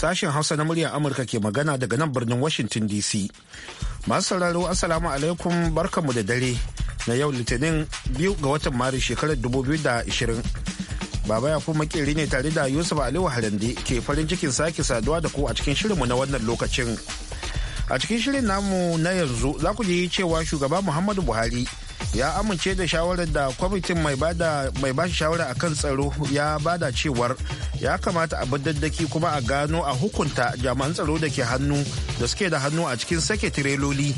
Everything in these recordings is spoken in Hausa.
Sashen Hausa na muryar Amurka ke magana daga nan birnin Washington DC. Masu sauraro Assalamu alaikum barkanmu da dare na yau Litinin biyu ga watan Maris shekarar 2020. Baba ya kuma makeri ne tare da Yusuf Aliyu Harande ke farin cikin sake saduwa da ku a cikin shirinmu na wannan lokacin. A cikin shirin namu na yanzu za ku ji cewa shugaba Muhammadu Buhari ya amince da shawarar da kwamitin mai ba shi shawara a kan tsaro ya bada cewar ya kamata a daddaki kuma a gano a hukunta jami'an tsaro da ke hannu da suke da hannu a cikin sake tireloli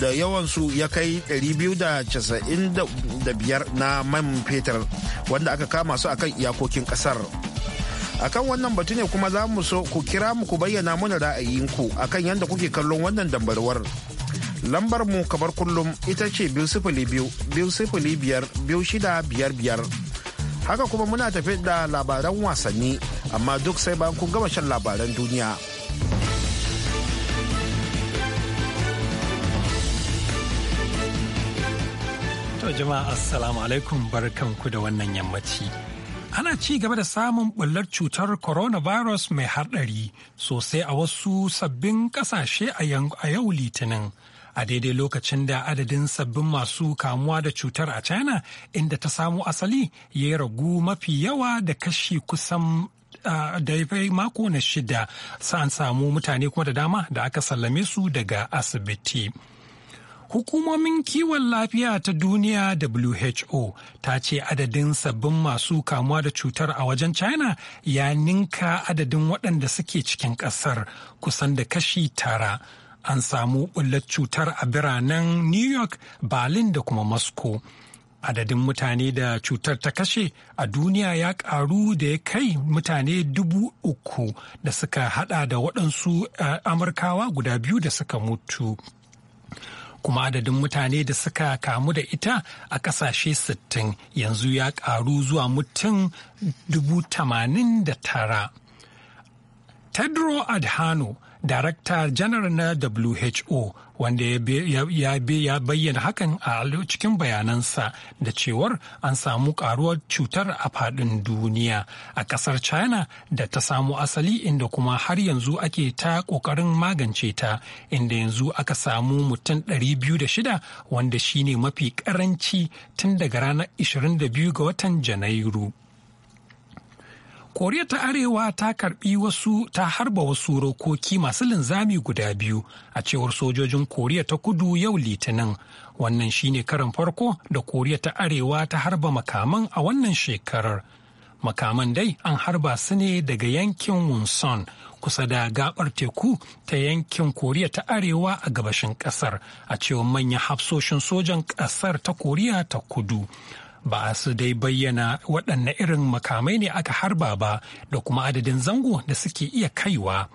da yawansu ya kai 295 na man fetur wanda aka kama su akan iyakokin kasar akan wannan batu ne kuma za mu so ku kira mu ku bayyana mana ra'ayinku akan yadda kuke kallon wannan dambarwar lambar mu kamar kullum ita ce biyu sifili biyu biyu biyar biyu shida biyar biyar haka kuma muna tafi da labaran wasanni amma duk sai bayan kun gama shan labaran duniya to jama'a assalamu alaikum barkanku da wannan yammaci ana ci gaba da samun bullar cutar coronavirus mai haɗari sosai a wasu sabbin ƙasashe a yau litinin a daidai lokacin da adadin sabbin masu kamuwa da cutar a china inda ta samo asali ya yi ragu mafi yawa da kashi kusan Uh, da ya mako na shida sa'an samu mutane kuma da dama da aka sallame su daga asibiti. Hukumomin kiwon lafiya ta duniya WHO ta ce adadin sabbin masu kamuwa da cutar a wajen China ya ninka adadin waɗanda suke cikin ƙasar kusan da kashi tara. an samu bullar cutar a biranen new york berlin da kuma moscow adadin mutane da cutar ta kashe a duniya ya karu da ya kai mutane dubu uku da suka hada da waɗansu eh, amurkawa guda biyu da suka mutu kuma adadin mutane da suka kamu da ita a ƙasashe sittin yanzu ya karu zuwa mutum dubu tamanin da tara tedro adhano Darakta janar na WHO wanda ya bayyana hakan a cikin bayanansa da cewar an samu karuwar cutar a faɗin duniya a ƙasar China da ta samu asali inda kuma har yanzu ake ta ƙoƙarin magance ta inda yanzu aka samu mutum 206 wanda shine mafi karanci tun daga ranar 22 ga watan Janairu. koriya ta arewa ta karbi wasu ta harba wasu rokoki masu linzami guda biyu a cewar sojojin koriya ta kudu yau litinin wannan shine karin farko da koriya ta arewa ta harba makaman a wannan shekarar makaman dai an harba su ne daga yankin wunson kusa da gabar teku ta yankin koriya ta arewa a gabashin kasar a cewar manyan hafsoshin sojan kasar ta koriya ta kudu ba su dai bayyana waɗanne irin makamai ne aka harba ba da kuma adadin zango da suke iya kaiwa.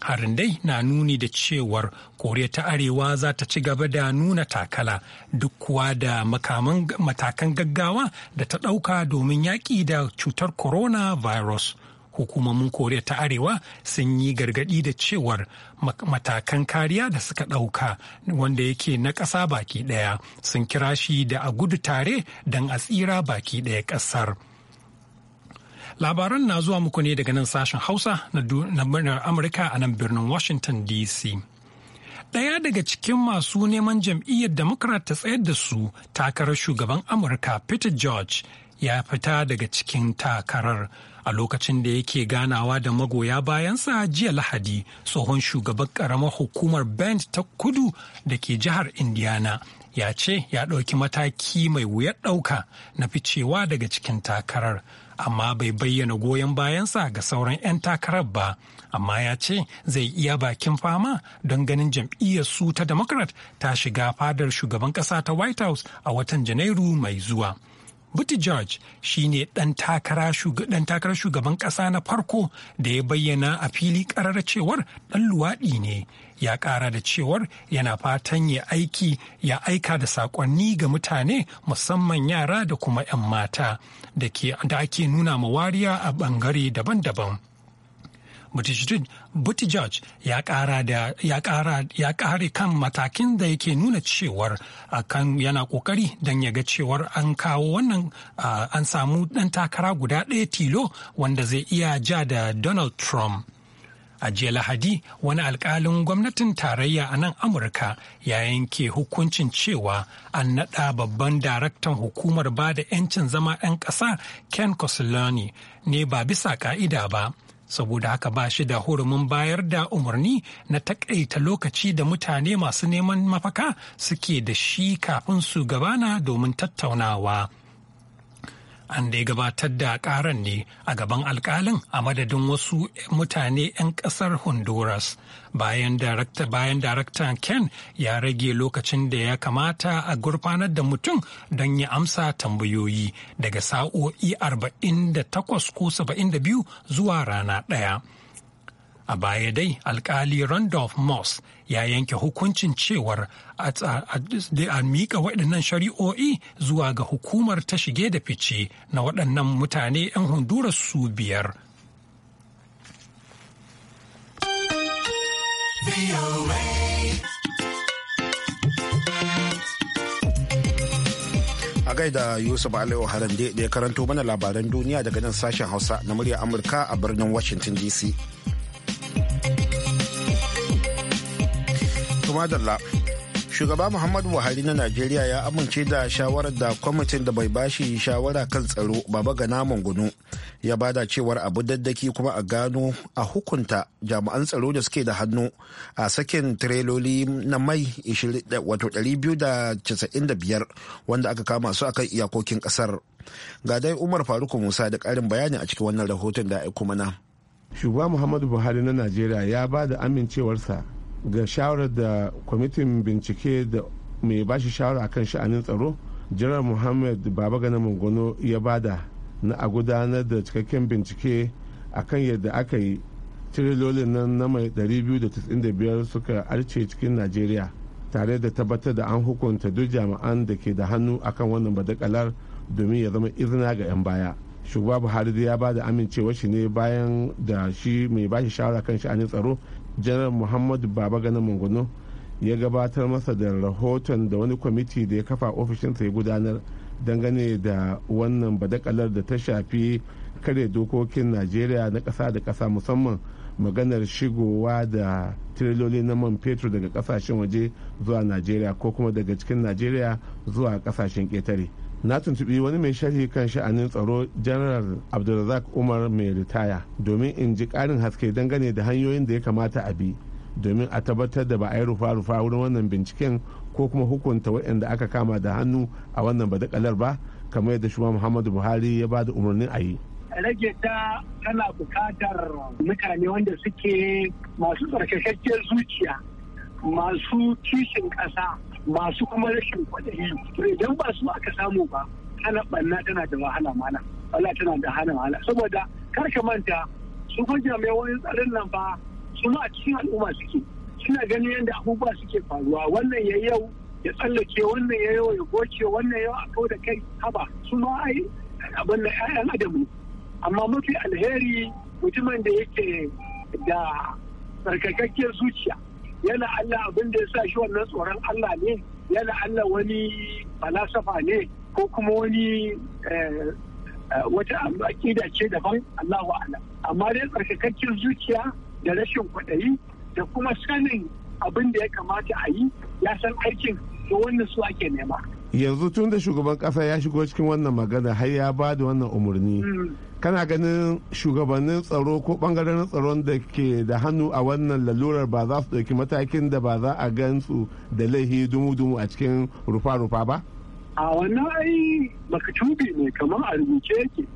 harin dai na nuni da cewar koriya ta arewa za ta ci gaba da nuna takala duk kuwa da matakan gaggawa da ta ɗauka domin yaƙi da cutar coronavirus hukumomin koriya ta arewa sun yi gargadi da cewar matakan kariya da suka ɗauka wanda yake na ƙasa baki ɗaya sun kira shi da a gudu tare don a tsira baki ɗaya ƙasar labaran na zuwa muku ne daga nan sashen hausa na murnar amurka a nan birnin washington dc ɗaya daga cikin masu neman jam'iyyar democrat ta tsayar da su takarar shugaban amurka peter george ya fita daga cikin takarar a lokacin da yake ganawa da magoya bayan sa jiya lahadi tsohon shugaban karamar hukumar bend ta kudu da ke jihar indiana ya ce ya ɗauki mataki mai wuyar ɗauka na ficewa daga cikin takarar amma bai bayyana goyon bayansa ga sauran 'yan takarar ba amma ya ce zai iya bakin fama don ganin jam'iyyar su ta democrat ta shiga fadar shugaban ƙasa ta white house a watan janairu mai zuwa Buttigieg shi ne ɗan takarar shugaban ƙasa na farko da ya bayyana a fili ƙarar cewar ɗan luwaɗi ne. Ya ƙara da cewar yana fatan ya aiki ya aika da saƙonni ga mutane musamman yara da kuma 'yan mata da ake nuna ma wariya a ɓangare daban-daban. Buttigieg, Buttigieg ya kara ya kare kan matakin da yake nuna cewar kan yana kokari don ya ga cewar an kawo wannan an samu dan takara guda ɗaya tilo wanda zai iya ja da Donald Trump. a jiya lahadi wani alkalin gwamnatin tarayya a nan amurka ya yanke hukuncin cewa an naɗa babban daraktan hukumar ba da 'yancin zama 'yan ƙasa ken Costellani ne ba bisa ka'ida ba saboda haka ba shi da hurumin bayar da umarni na takaita lokaci da mutane masu neman mafaka suke da shi kafin su gabana domin tattaunawa. an da ya gabatar da karan ne a gaban alkalin a madadin wasu mutane 'yan kasar honduras bayan darakta bayan darakta ken ya rage lokacin da ya kamata a gurfanar da mutum don ya amsa tambayoyi daga sa'o'i 48 ko 72 zuwa rana ɗaya. A baya dai alkali Randolph Moss ya yanke hukuncin cewar a miƙa waɗannan shari'o'i zuwa ga hukumar ta shige da fice na waɗannan mutane 'yan Honduras su biyar. a gaida yusuf aliyu haramde da ya karanto mana labaran duniya daga nan sashen hausa na murya amurka a birnin washington dc Tuma Shugaba Muhammadu Buhari na Najeriya ya amince da shawarar da kwamitin da bai bashi shawara kan tsaro baba ga naman gunu ya bada cewar abu daddaki kuma a gano a hukunta jami'an tsaro da suke da hannu a sakin tireloli na mai 295 wanda aka kama su akan iyakokin kasar. Ga dai Umar faruk Musa da karin bayani a cikin wannan rahoton da aiko mana. Shugaba Muhammadu Buhari na Najeriya ya ba da amincewarsa ga shawarar da kwamitin bincike da mai bashi shawara akan sha'anin tsaro jiran muhammad babagana mangono ya bada na a gudanar da cikakken bincike akan yadda aka yi tirilolin nan na mai 295 suka arce cikin najeriya tare da tabbatar da an hukunta duk jami'an da ke da hannu akan wannan badakalar domin ya zama izina ga 'yan baya shugaba buhari ya ba da amincewa shi ne bayan da shi mai bashi shawara kan sha'anin tsaro janar muhammadu baba gana ya gabatar masa da rahoton da wani kwamiti da ya kafa ofishinsa ya gudanar dangane da wannan badakalar da ta shafi kare dokokin najeriya na ƙasa da ƙasa musamman maganar shigowa da tiriloli na man fetur daga kasashen waje zuwa najeriya ko kuma daga cikin najeriya zuwa kasashen ƙetare na tuntubi wani mai sharhi kan sha'anin tsaro janar abdulrazak umar mai ritaya domin in ji karin haske dangane da hanyoyin da ya kamata a bi domin a tabbatar da ba a yi rufa-rufa wurin wannan binciken ko kuma hukunta waɗanda aka kama da hannu a wannan badakalar ba kamar yadda shuma muhammadu buhari ya ba da umarnin a yi rage ta tana bukatar mutane wanda suke masu tsarkakakken zuciya masu kishin ƙasa masu kuma rashin kwaɗayi idan ba su aka samu ba hana ɓanna tana da wahala mana wala tana da hana wahala saboda kar ka manta su jamia jami'an tsarin nan fa su ma a cikin al'umma suke suna ganin yadda abubuwa suke faruwa wannan ya yau ya tsallake wannan ya yau ya goce wannan yau a kau da kai haba su ma ai abin da 'ya'yan adam ne amma mafi alheri mutumin da yake da tsarkakakkiyar zuciya yana Allah abin da ya sa shi wannan tsoron Allah ne yana Allah wani falasafa ne ko kuma wani eh, eh, wata aƙida ce daban Allahu a'lam amma dai tsarkakakken zuciya da rashin kwaɗayi da kuma sanin abin da ya kamata a yi ya san aikin da wannan su ake nema yanzu tun da shugaban ƙasa ya shigo cikin wannan magana har ya ba da wannan umarni mm. kana ganin shugabannin tsaro ko bangaren tsaron da ke da hannu a wannan lalurar ba za su ɗauki matakin da ba za a gan da laihi dumu-dumu a cikin rufa-rufa ba? a wannan ai baka tubi ne kamar a rubuce yake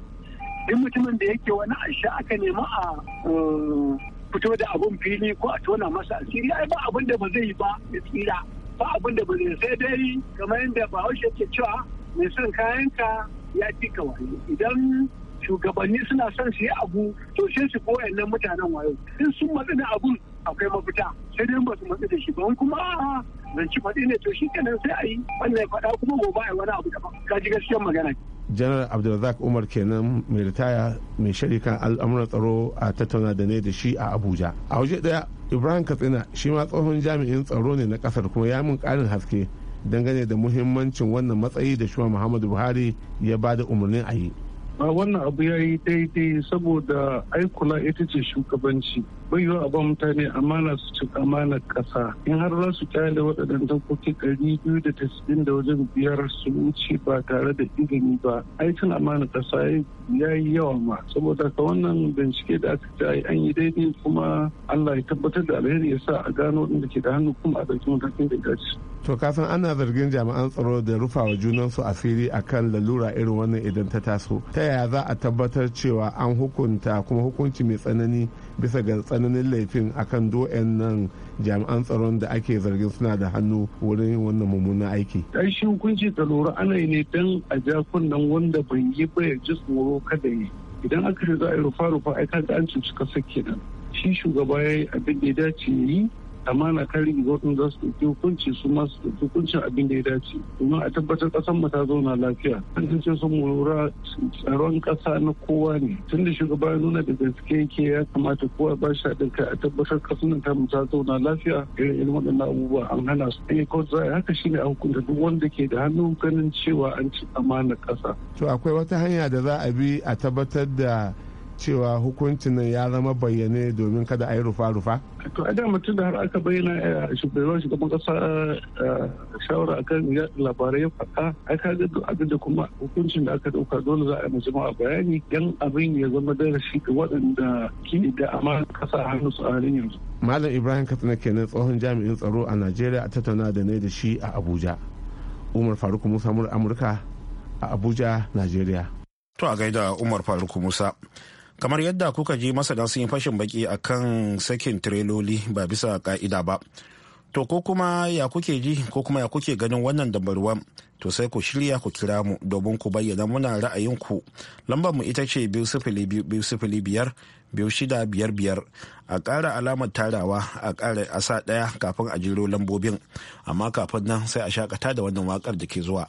duk mutumin da yake wani ashe aka nema a eh, fito da abun fili ko a tona masa asiri ai ba abin da ba zai yi ba ya tsira ba abin da ba zai sai dai kamar yadda ba bahaushe ke cewa mai son kayanka ya fi kawai idan shugabanni suna son su yi abu to shi su koya nan mutanen wayo in sun matsi na abun akwai mafita sai dai ba su matsi da shi ba kuma a zanci faɗi ne to shi kenan sai a yi wannan ya faɗa kuma gobe a yi wani abu daban ka ji gaskiyar magana janaral abdulrazak umar kenan mai ritaya mai sharikan al'amuran tsaro a tattauna da ne da shi a abuja a waje daya ibrahim katsina shi ma tsohon jami'in tsaro ne na kasar kuma ya min karin haske dangane da muhimmancin wannan matsayi da shuwa muhammadu buhari ya ba da umarnin a yi ba wannan abu ya yi daidai saboda aikula ita ce shugabanci bai yiwu a ba mutane amana su ci amana kasa in har za su kyale waɗannan dokoki ɗari biyu da tasirin da wajen biyar su wuce ba tare da ilimi ba aikin amana kasa ya yi yawa ma saboda ka wannan bincike da aka ci an yi daidai kuma allah ya tabbatar da alheri ya sa a gano waɗanda ke da hannu kuma a ɗauki matakin da ya dace. to kasan ana zargin jami'an tsaro da rufawa junansu asiri akan lalura irin wannan idan ta taso ta yaya za a tabbatar cewa an hukunta kuma hukunci mai tsanani bisa ga tsananin laifin akan do'en nan jami'an tsaron da ake zargin suna da hannu wurin wannan mummunan aiki. shi hukunci da lura ana yi ne don a ja kunnen wanda ban yi ba ya ji tsoro kada yi idan aka ce za a yi rufa rufa aika kaga an cuci kasa kenan shi shugaba ya yi abin da ya dace yi amana kan rigi gwamnatin za su ɗauki hukunci su ma su ɗauki hukuncin abin da ya dace domin a tabbatar ƙasar mu ta zauna lafiya an ce sun lura tsaron ƙasa na kowa ne tun da shugaba ya nuna da gaske yake ya kamata kowa ba shi haɗin kai a tabbatar ƙasar nan ta ta zauna lafiya irin irin waɗannan abubuwa an hana su ɗaya eh, kawai za a haka ne a hukunta duk wanda ke da hannu ganin cewa an ci amana ƙasa. to akwai wata hanya da za a bi a tabbatar da cewa hukuncin nan ya zama bayyane domin kada a yi rufa-rufa? To a da mutum da har aka bayyana eh, shugaban shugaban kasa eh, shawara akan labarai ya faɗa ai ka ga abin da kuma hukuncin da aka dauka dole za a yi jama'a bayani dan abin ya zama darasi ga waɗanda ke da amana kasa hannu su a halin yanzu. Malam Ibrahim Katsina kenan tsohon jami'in tsaro a Najeriya a tattauna da ne da shi a Abuja. Umar Faruk Musa Amurka a Abuja, Najeriya. To a gaida Umar Faruk Musa. kamar yadda kuka ji masana sun yi fashin baki a kan sakin tireloli ba bisa ka'ida ba to ko kuma ya kuke ji ko kuma ya kuke ganin wannan dambarwa to sai ku shirya ku kira mu domin ku bayyana muna ra'ayinku lambar mu ita ce biyu sifili biyu sifili biyar biyu shida biyar biyar a ƙara alamar tarawa a ƙara asa sa ɗaya kafin a jiro lambobin amma kafin nan sai a shakata da wannan waƙar da ke zuwa.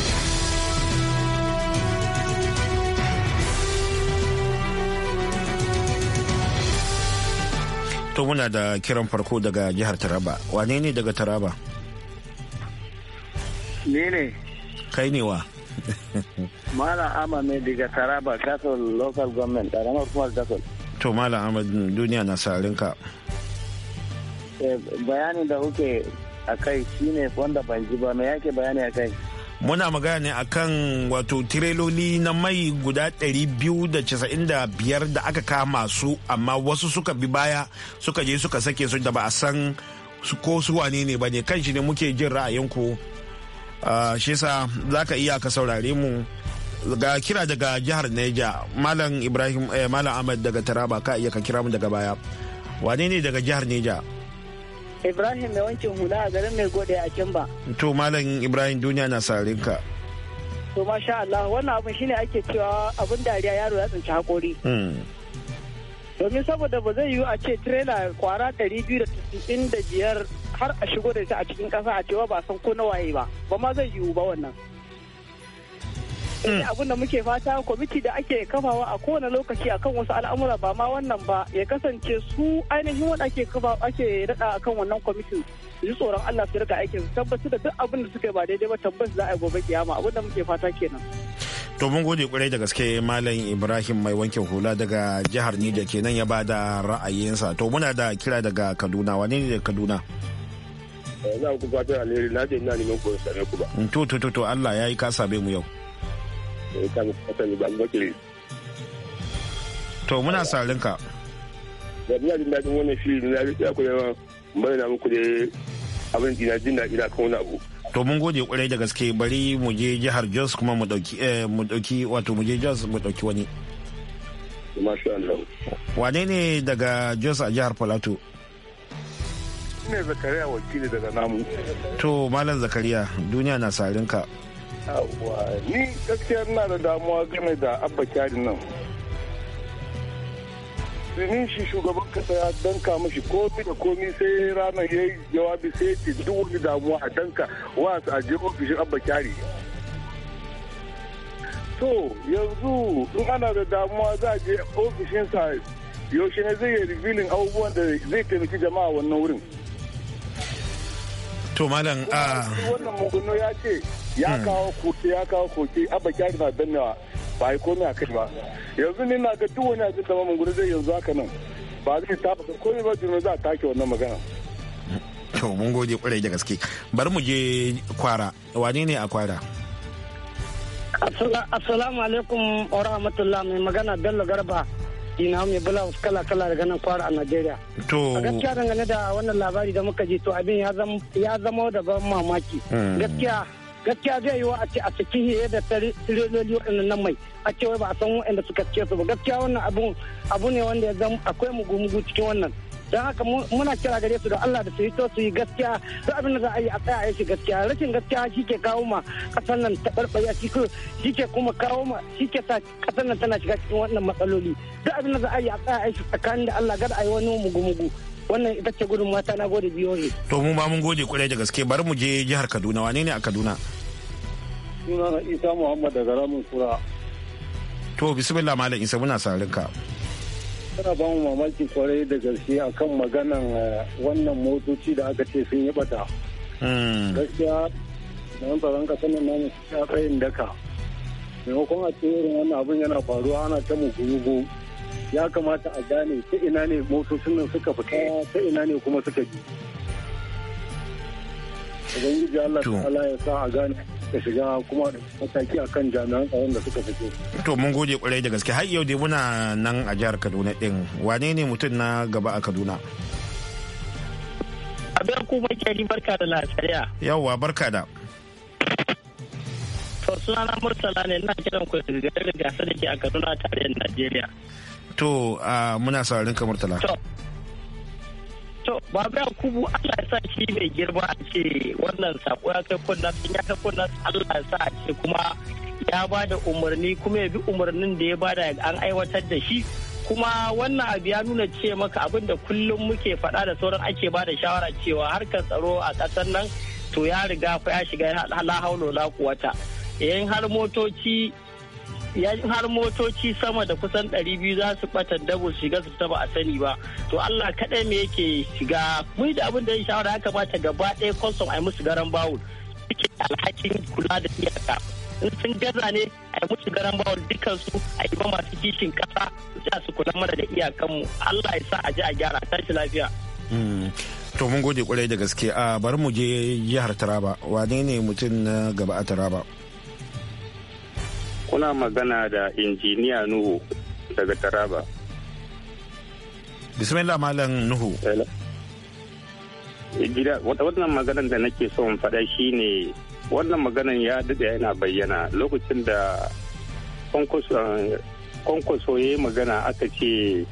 to muna da kiran farko daga jihar taraba wane ne daga taraba ne ne kai ne wa mala Ahmad ne daga Taraba Gasol Local Government, ƙaramar kuma Gasol. To mala Ahmad duniya na sarinka ka. Eh, bayanin da kuke a kai shine wanda ban ji ba, me yake bayani a kai? muna magana ne akan wato tireloli na mai guda 295 da aka kama su amma wasu suka bi baya suka je suka sake su da ba a san ko su wane ne ba ne kan shi ne muke jin ra'ayinku ah, shi sa za ka iya ka saurare mu ga kira daga jihar neja malam ibrahim eh, malam ahmad daga taraba ka iya ka kira mu daga baya wane ne daga jihar neja Ibrahim mai wancin hula a garin mai gode a Kimba. To Malam Ibrahim duniya na sarin ka. To masha Allah wannan abin shine ake cewa abin dariya yaro ya tsinci hakori. Hmm. Domin saboda ba zai yiwu a ce tirela kwara ɗari biyu da da biyar har a shigo da ita a cikin ƙasa a cewa ba san ko na waye ba ba ma zai yiwu ba wannan. Mm. abin da muke fata kwamiti da ake kafawa a kowane lokaci akan wasu al'amura ba ma wannan ba ya kasance su ainihin wanda ake kafa ake rada akan wannan su ji tsoron Allah su rika aikin tabbatar da duk abin da suka yi ba daidai ba tabbas za a yi gobe kiyama abin da muke fata kenan to mun gode kwarai da gaske malam ibrahim mai wankin hula daga jihar niger kenan ya bada ra'ayinsa to muna da kira daga kaduna wane ne kaduna eh, na ku fatan alheri na ce ina neman ku same ku ba to to to Allah yayi ka mu yau To muna salin ka. Da muna jin daɗin wannan shi na ya kuma bari na muku da abin dina jin daɗi na kan wani abu. to mun gode kwarai da gaske bari mu je jihar jos kuma mu ɗauki eh, wato mu je jos mu ɗauki wani wane ne daga jos a jihar plateau ne zakariya wakili daga namu to malam zakariya duniya na sarinka ka ni gaskiya na da damuwa game da abba nan domin shi shugaban kasa ya danka mashi komi da komi sai ranar ya yi jawabi sai ce duk wani damuwa a danka wa a je ofishin abba kyari to yanzu in ana da damuwa za a je ofishinsa yaushe ne zai yi revealing abubuwan da zai taimaki jama'a wannan wurin. to malam a ah. wannan mugunno ya ce ya hmm. kawo koke ya kawo koke abba kyari na dannawa ba a yi komai a kai ba yanzu ni na ga duk wani abin da gudu zai yanzu haka nan ba zai taba tafa komai ba jirgin za a take wannan magana to mun gode kwarai da gaske bari mu je kwara wane ne a kwara assalamu alaikum wa rahmatullah mai magana bello garba ina mai wasu kala-kala daga nan kwara a Najeriya. To. A gaskiya dangane da wannan labari da muka ji to abin ya zama da ban mamaki. Hmm. Gaskiya gaskiya zai wa a ce a ciki hiye da tiriloli waɗannan mai a ce wai ba a san waɗanda suka ce su ba gaskiya wannan abu ne wanda ya zama akwai mugu-mugu cikin wannan. don haka muna kira gare su da Allah da su hito su yi gaskiya duk abin da za a yi a tsaya a yi gaskiya rashin gaskiya shi ke kawo ma kasar nan taɓarɓaya shi ke kuma kawo ma shi ke sa kasar nan tana shiga cikin wannan matsaloli duk abin da za a yi a tsaya a yi tsakanin da Allah gada a yi wani mugu-mugu wannan ita ce gudun mata na gode biyoyi. To mu ma mun gode kwarai da gaske bari mu je jihar Kaduna wane ne a Kaduna? Suna na Isa Muhammad daga Ramin Kura. To bisimila Malam Isa muna sa ka. tana ba mu mamaki kwarai da gaske akan maganan eh, wannan motoci da aka ce sun yi bata hmm. gaskiya yan tsaron kasar nan namu ya tsayin daka maimakon a ce irin wannan abin yana faruwa ana ta gugu. ya kamata a gane ta ina ne motocin nan suka fita ta ina ne kuma suka bi ubangiji Allah ta ya sa a gane suka shiga kuma mataki a kan jami'an tsaron da suka fito. To mun gode kwarai da gaske har yau dai muna nan a jihar Kaduna din wane ne mutum na gaba a Kaduna? Abin ku bakari barka da lafiya. Yawwa barka da. To sunana Murtala ne na kiran ku daga gasar da ke a Kaduna da Najeriya. To muna sauraron ka Murtala. To To, Babu Yakubu Allah ya sa shi mai girma a ce wannan sako ya kai kunna ya kai kunna Allah ya sa a ce kuma ya ba da umarni kuma ya bi umarnin da ya bada an aiwatar da shi kuma wannan abu ya nuna ce maka abin da kullum muke faɗa da sauran ake ba da shawara cewa harkar tsaro a ƙasar nan to ya riga fa ya shiga la haulo la kuwata yayin har motoci ya har motoci sama da kusan 200 za su bata dabo shiga su taba a sani ba to Allah kaɗai me yake shiga mu da abin da ya shawara ya kamata gaba ɗaya custom a musu garan bawul suke alhakin kula da iyaka in sun gaza ne a yi musu garan bawul dukansu a yi ba masu kishin kasa su su kula mana da iyakanmu Allah ya sa a ji a gyara tashi lafiya. Hmm. to mun gode kwarai da gaske a ah, bari mu je jihar taraba wane ne mutum na gaba a taraba. kuna magana da injiniya nuhu daga taraba bismillah malam nuhu wannan maganan da nake son faɗa shine wannan maganan ya daɗe yana bayyana lokacin da kwankwaso ya yi magana aka ce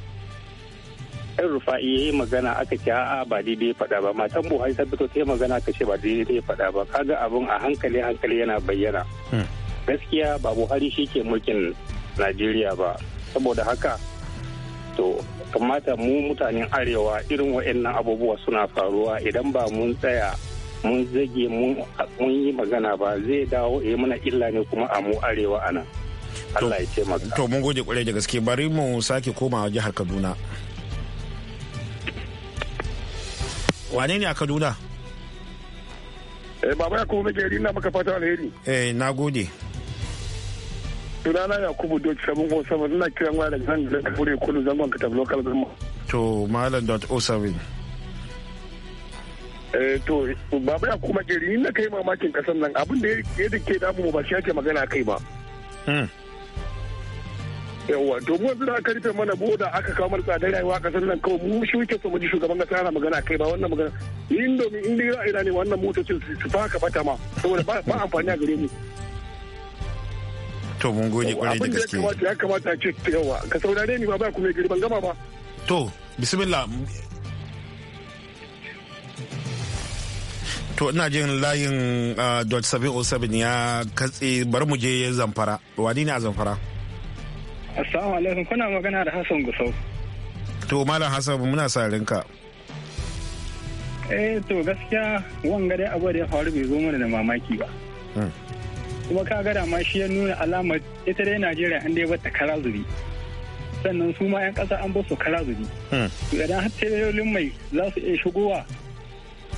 yan rufa'i ya yi magana aka ce a'a ba daidai faɗa ba matan buhari ta fito ta yi magana aka ce ba daidai faɗa ba kaga abin a hankali hankali yana bayyana hmm. gaskiya ba buhari shi ke mulkin najeriya ba saboda haka to kamata mu mutanen arewa irin waɗannan abubuwa suna faruwa idan ba mun tsaya mun zage mun yi magana ba zai dawo ya mana illa ne kuma a mu arewa a nan allah ya ce maka to mun gode kwarai da gaske bari mu sake komawa jihar kaduna wane ne a kaduna eh baba ya kuma nake na maka fata alheri eh na gode sunana yakubu doki sabon o oh seven ina kiran waya daga nan da kafure kudu zangon katab local government to malam dot o oh eh to baba ya kuma gari ni na kai mamakin kasan nan abin da ya ke damu mu ba shi ake magana kai ba hmm. yawa to mu yanzu karfe mana boda aka kawo mana tsadar rayuwa a kasar nan kawai mu shi muke so mu ji shugaban kasa yana magana kai ba wannan magana in domin in dai ra'ayi ne wannan motocin su fa ka bata ma saboda ba amfani a gare mu to mun gode kwarai da gaske ya kamata ce ta yawa ka saurare ni ba ba ku mai gari ban gama ba to bismillah to ina jin layin ah, dot 707 ya katse bar mu je zamfara wani ne a zamfara assalamu alaikum kuna magana da hassan gusau to malam hassan muna sarin ka eh to gaskiya wanga dai abu da ya faru bai zo mana da mamaki ba hmm. kuma ka gada ma shi ya nuna alamar ita dai najeriya an dai bata kara zuri sannan su ma 'yan kasa an basu kara hmm. to idan har tayoyin mai za su iya shigowa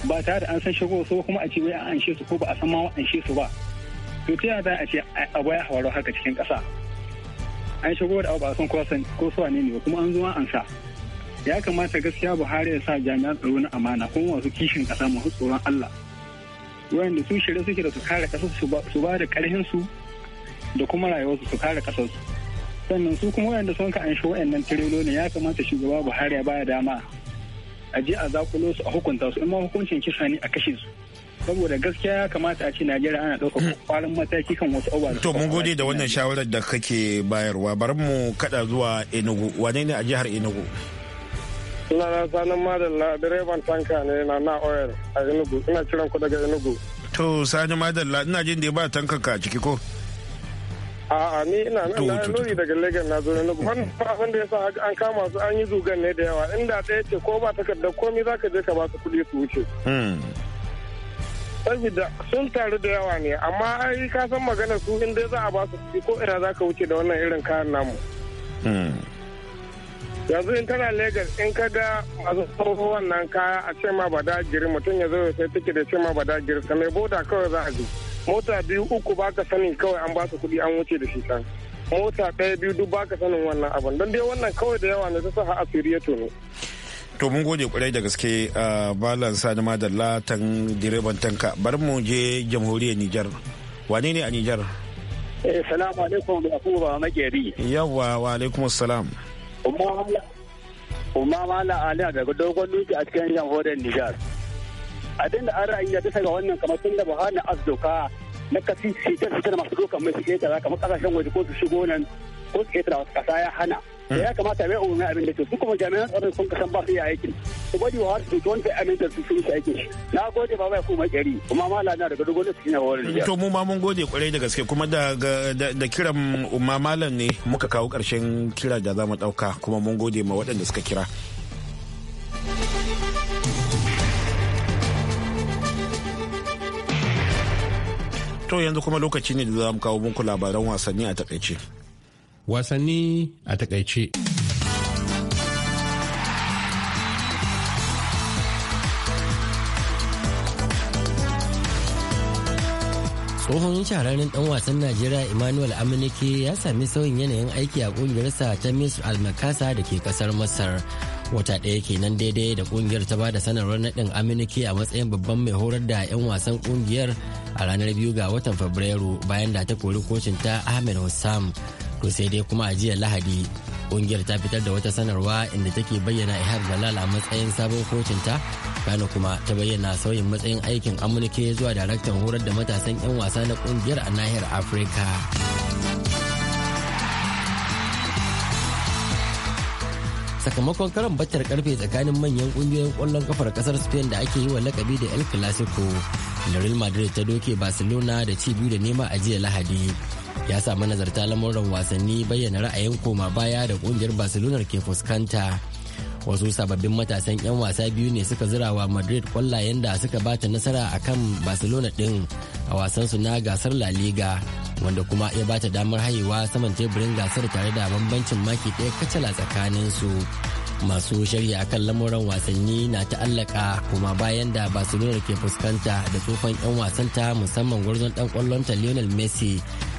ba tare da an san shigowa su kuma a ce wai an anshe su ko ba a san ma an anshe su ba to ta yaya a ce a baya hawaro haka cikin kasa an shigo da abu ba san kowa san ko suwa ne ne kuma an zo an sa ya kamata gaskiya Buhari ya sa jami'an tsaro na amana kuma wasu kishin kasa masu tsoron Allah wanda su shirya suke da su kare kasar su ba da karhin su da kuma rayuwarsu su kare kasar su sannan su kuma wayanda sun ka shi wayannan tirelolin ya kamata shugaba Buhari ya baya dama a je a zakulo su a hukunta su in ma hukuncin kisa ne a kashe su saboda gaskiya ya kamata a ce Najeriya ana ɗaukar kwarin hmm. mataki kan wasu abubuwa. To mun gode da wannan shawarar da kake bayarwa bari mu kada zuwa Enugu wane ne a jihar Enugu? Ina na sanin madalla direban tanka ne na na oil a Enugu. Ina kiran ku daga Enugu. To sani madalla ina jin da ba tankan ka ciki ko? A'a ni ina nan na lori daga legas na zo Enugu. Wannan abin da yasa an kama su an yi zugan ne da yawa. Inda ɗaya ce ko ba takarda komi za ka je ka ba su kuɗi su wuce. Hmm. Saboda sun taru da yawa ne amma ai ka san magana su inda za a ba su ko ina za ka wuce da wannan irin kayan namu. Hmm. yanzu in tana Legas in ka ga masu tsoro wannan kaya a ce ma ba da jiri mutum ya zo ya sai tiki da ce ma ba da jiri ka mai boda kawai za a ji mota biyu uku ba ka sani kawai an ba su kuɗi an wuce da shi kan mota ɗaya biyu duk ba ka sanin wannan abin don dai wannan kawai da yawa ne ta sa a asiriya tono. to mun gode kwarai da gaske a balan sani madalla tan direban tanka bar mu je jamhuriyar nijar wane ne a nijar eh salamu alaikum da kuma makeri Yawwa wa alaikum salam Umma Mala Ali daga dogon duki a cikin jamhuriyar Nijar. Abin da an ra'ayi bisa ga wannan kamar sun da Buhari na azdoka na kasi fitar fitar masu dokan mai su ƙetara kamar kasashen waje ko su shigo nan ko su da wasu kasa ya hana da hmm. ya kamata mai umarni abin da ke su kuma jami'an tsaron sun kasan ba su yi aikin su bari wa har su doki wani da su sun su aikin na gode ba bai kuma kyari kuma ma lana daga dogon su ne jiya to mu ma mun gode kwarai da gaske kuma da kiran umma malam ne muka kawo karshen kira da za mu dauka kuma mun gode ma waɗanda suka kira to yanzu kuma lokaci ne da za mu kawo muku labaran wasanni a takaice. wasanni a takaice. tsohon shahararren dan wasan najeriya emmanuel aminike ya sami sauyin yanayin aiki a kungiyarsa ta miss almakasa da ke kasar masar wata ɗaya kenan daidai da kungiyar ta bada sanarwar naɗin aminike a matsayin babban mai horar da 'yan wasan kungiyar a ranar biyu ga watan fabrairu bayan da ta kori ta ahmed hussam to sai dai kuma a jiya lahadi kungiyar ta fitar da wata sanarwa inda take bayyana ihar dalal a matsayin sabon ta kano kuma ta bayyana sauyin matsayin aikin amurke zuwa daraktan horar da matasan 'yan wasa na kungiyar a nahiyar afirka. sakamakon karan battar karfe tsakanin manyan kungiyoyin kwallon kafar kasar spain da ake yi wa lakabi da el clasico da real madrid ta doke barcelona da ci biyu da nema a jiya lahadi ya samu nazarta lamuran wasanni bayyana ra'ayin koma baya da kungiyar barcelona ke fuskanta wasu sababbin matasan 'yan wasa biyu ne suka zirawa madrid kwallayen da suka bata nasara akan barcelona din a wasansu na gasar la liga wanda kuma ya bata damar hayewa saman teburin gasar tare da bambancin maki ɗaya kacala tsakanin su masu shari'a akan lamuran wasanni na ta'allaka kuma bayan da barcelona ke fuskanta da tsofan 'yan wasanta musamman gwarzon dan kwallonta lionel messi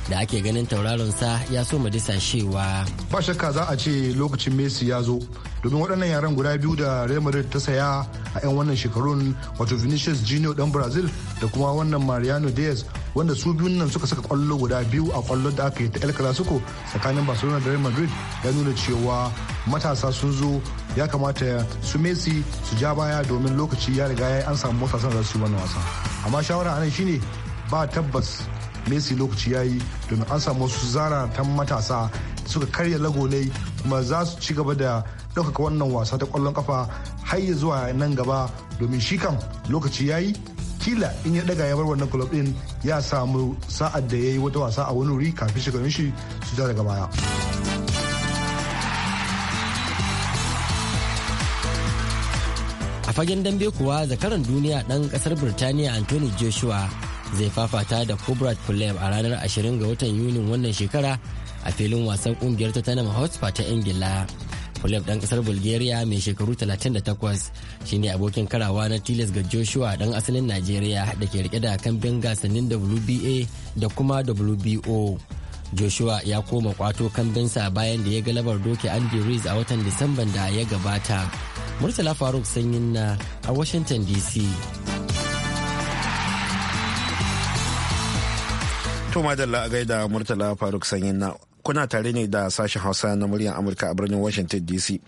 da ake ganin tauraron sa ya so mu disashewa. Ba shakka za a ce lokacin Messi ya zo domin waɗannan yaran guda biyu da Real Madrid ta saya a 'yan wannan shekarun wato Vinicius Junior dan Brazil da kuma wannan Mariano Diaz wanda su biyun nan suka saka kwallo guda biyu a kwallo da aka yi ta El Clasico tsakanin Barcelona da Real Madrid ya nuna cewa matasa sun zo ya kamata su Messi su ja baya domin lokaci ya riga ya an samu matasan za su yi wannan wasa. Amma shawara anan shine ba tabbas messi lokaci ya yi domin an samu wasu ta matasa suka karya lagonai kuma za su ci gaba da ɗaukaka wannan wasa ta ƙwallon kafa har ya zuwa nan gaba domin shi kam lokaci ya yi kila in ya ɗaga ya bar wannan club din ya samu sa'ad da ya yi wata wasa a wani wuri kafin shiga shi su ja daga baya. a fagen dambe kuwa zakaran duniya ɗan ƙasar birtaniya anthony joshua zai fafata da Kubrat Pulev a ranar 20 ga watan Yunin wannan shekara a filin wasan kungiyar Tottenham Hotspur ta Ingila. Pulev dan kasar Bulgaria mai shekaru 38 shine abokin karawa na tilas ga Joshua dan asalin Najeriya da ke rike da kambin gasannin WBA da kuma WBO. Joshua ya koma kwato kambinsa bayan da ya galabar doke Andy Ruiz a watan Disamban da ya gabata. Murtala Faruk sanyin na a Washington DC. To madalla a gaida Murtala Faruk Sanyin na kuna tare ne da sashen Hausa na muryar Amurka a birnin Washington DC.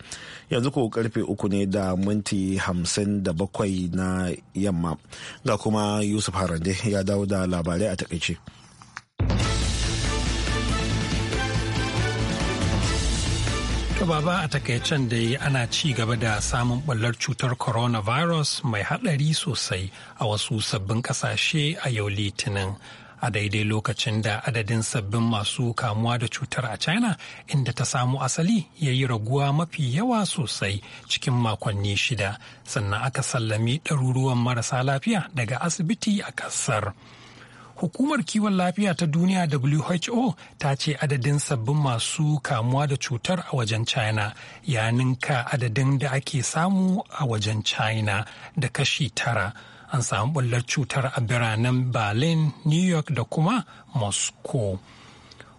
Yanzu ko karfe uku ne da minti hamsin da bakwai na yamma. Ga kuma Yusuf Harande ya dawo da labarai a takaice. baba a takaicen dai ana ci gaba da samun ɓallar cutar coronavirus mai haɗari sosai a wasu sabbin ƙasashe a yau litinin a daidai lokacin da adadin sabbin masu kamuwa da cutar a china inda ta samu asali ya yi raguwa mafi yawa sosai cikin makonni shida sannan aka sallami ɗaruruwan marasa lafiya daga asibiti a ƙasar. hukumar kiwon lafiya ta duniya who ta ce adadin sabbin masu kamuwa da cutar a wajen china ya ninka adadin da ake samu a wajen china da kashi tara an samu bullar cutar a biranen berlin new york da kuma moscow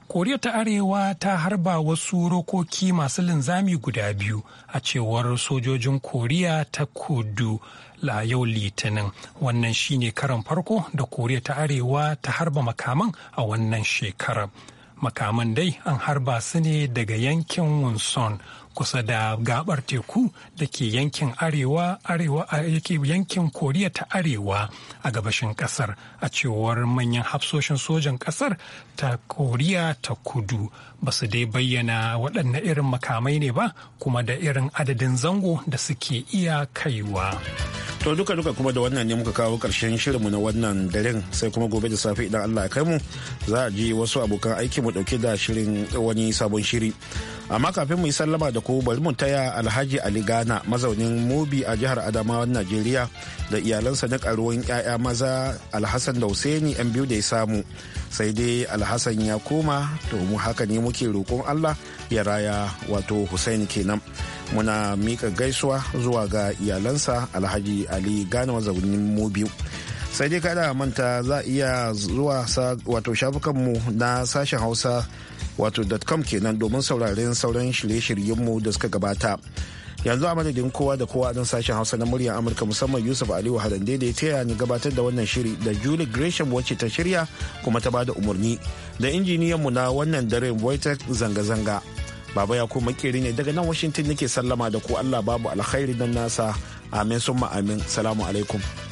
koriya ta arewa ta harba wasu rokoki masu linzami guda biyu a cewar sojojin koriya ta kudu la yau litinin wannan shine karan farko da koriya ta arewa ta harba makaman a wannan shekarar makaman dai an harba su ne daga yankin wunson kusa da gabar teku da ke yankin arewa arewa yake yankin koriya ta arewa a gabashin kasar a cewar manyan hafsoshin sojan kasar ta koriya ta kudu ba su dai bayyana waɗanne irin makamai ne ba kuma da irin adadin zango da suke iya kaiwa. to duka duka kuma da wannan ne muka kawo karshen shirinmu na wannan daren sai kuma gobe da safe idan allah ya kai mu za a ji wasu abokan aiki mu dauke da shirin wani sabon shiri amma kafin mu yi sallama da ku bari mu taya alhaji ali gana mazaunin mubi a jihar adamawan najeriya da iyalansa na karuwan 'ya'ya maza alhassan da husaini yan biyu da ya samu sai dai alhassan ya koma to mu haka ne muke roƙon allah ya raya wato husaini kenan muna mika gaisuwa zuwa ga iyalansa alhaji ali gana mazaunin mubi. sai dai kada manta za iya zuwa wato shafukanmu na sashen hausa wato com kenan domin sauraren sauran shirye-shiryenmu da suka gabata yanzu a madadin kowa da kowa don sashen hausa na muryar amurka musamman yusuf aliyu harande da ya taya ni gabatar da wannan shiri da julie gresham wacce ta shirya kuma ta bada umarni da injiniyanmu na wannan dare voitex zanga-zanga baba ya ko makeri ne daga nan washington nake sallama da ku allah babu alkhairi don nasa amin summa amin salamu alaikum